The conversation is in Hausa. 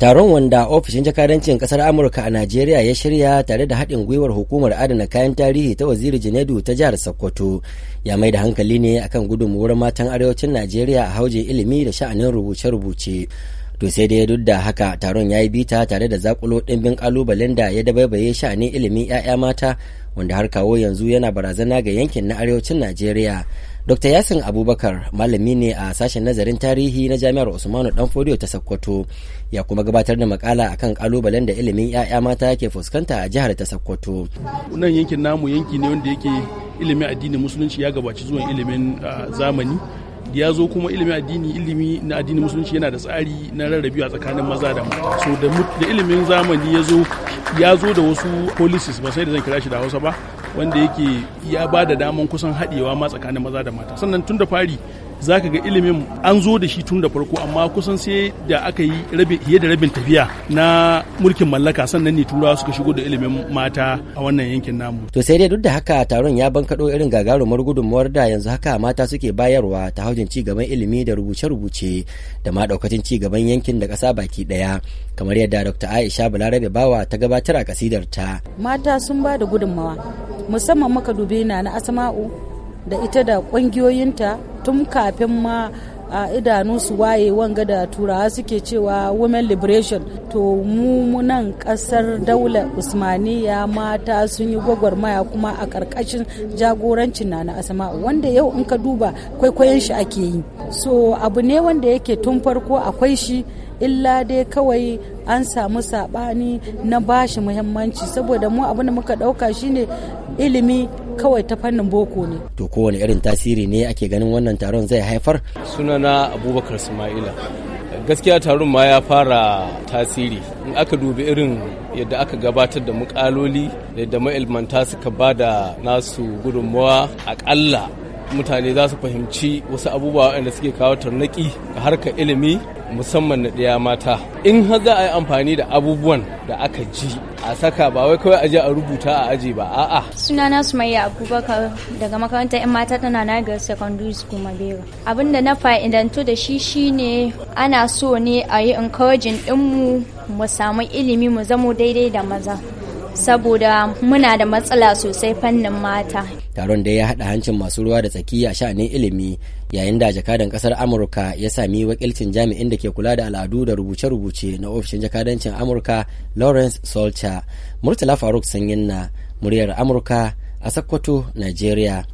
taron wanda ofishin jakadancin kasar amurka a najeriya ya shirya tare da haɗin gwiwar hukumar adana kayan tarihi ta waziri janedu ta jihar sokoto ya mai da hankali ne akan gudunmuwar matan arewacin najeriya a hauje ilimi da sha'anin rubuce-rubuce to sai dai duk da haka taron ya yi bita tare da zakulo ɗimbin ƙalubalen da ya dabaibaye sha'anin ilimin 'ya'ya mata wanda har kawo yanzu yana barazana ga yankin na arewacin najeriya Dr. Yasin Abubakar malami ne a sashen nazarin tarihi na Jami'ar Usmanu Danfodiyo ta Sokoto ya kuma gabatar da makala akan kalubalen da ilimin 'ya'ya mata ke fuskanta a jihar ta Sokoto. Nan yankin namu yanki ne wanda yake ilimin addinin musulunci ya gabaci zuwa ilimin zamani ya zo kuma ilimin addini ilimi na addinin musulunci yana da tsari na rarrabi a tsakanin maza da mata so da ilimin zamani ya zo ya zo da wasu policies ba sai da zan kira shi da hausa ba wanda yake ya ba da daman kusan haɗewa ma tsakanin maza da mata sannan tun da fari za ka ga ilimin an zo da shi tun da farko amma kusan sai da aka yi fiye da rabin tafiya na mulkin mallaka sannan ne turawa suka shigo da ilimin mata a wannan yankin namu. To sai dai duk da haka taron ya bankaɗo irin gagarumar gudunmuwar da yanzu haka mata suke bayarwa ta haujin ci gaban ilimi da rubuce-rubuce da ma ɗaukacin ci gaban yankin da ƙasa baki ɗaya kamar yadda Dr. Aisha Balarabe Bawa ta gabatar a ta. Mata sun ba da gudunmawa musamman muka dubi na na Asma'u da ita da ƙungiyoyinta tun kafin ma a idanu su waye wanga da turawa suke cewa women liberation to mu nan kasar daular usmaniya mata sun yi gwagwarmaya kuma a karkashin jagorancin na na asama wanda yau in ka duba kwaikwayon shi ake yi so abu ne wanda yake tun farko akwai shi illa dai kawai an samu saɓani na bashi muhimmanci saboda mu abin da muka ɗauka shine ilimi kawai ta fannin boko ne to kowane irin tasiri ne ake ganin wannan taron zai haifar sunana abubakar sumaila gaskiya taron ma ya fara tasiri in aka dubi irin yadda aka gabatar da mukaloli yadda ma'ilmanta suka ba da nasu gudunmawa akalla mutane za su fahimci wasu abubuwa waɗanda suke kawo tarnaki ga harkar ilimi musamman na ɗaya mata in har za a yi amfani da abubuwan da aka ji a saka ba wai kawai aje a rubuta a aji ba a'a sunana sumayya abubakar daga makarantar yan mata tana nagar secondary school mabera da na fa'idantu da shi shine ana so ne a yi encouraging ɗinmu mu samu ilimi mu zamo daidai da maza saboda muna da matsala sosai fannin mata. Taron da ya haɗa hancin masu ruwa da tsaki a sha'anin ilimi yayin da jakadan ƙasar Amurka ya sami wakilcin jami'in da ke kula da al'adu da rubuce-rubuce na ofishin jakadancin Amurka Lawrence Solcher. Murtala Faruk Sanyinna, na muryar Amurka a Sokoto, Nigeria.